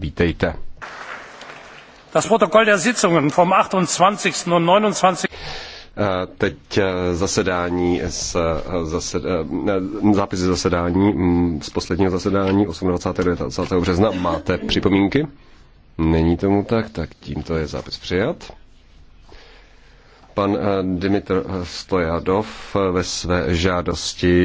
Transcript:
Vítejte. Das Protokoll der Sitzungen vom 28. und 29. Eh, teď eh, zasedání eh, z, zase, zápisy zasedání mm, z posledního zasedání 28. března. Máte připomínky? Není tomu tak, tak tímto je zápis přijat. Pan Dimitr Stojadov ve své žádosti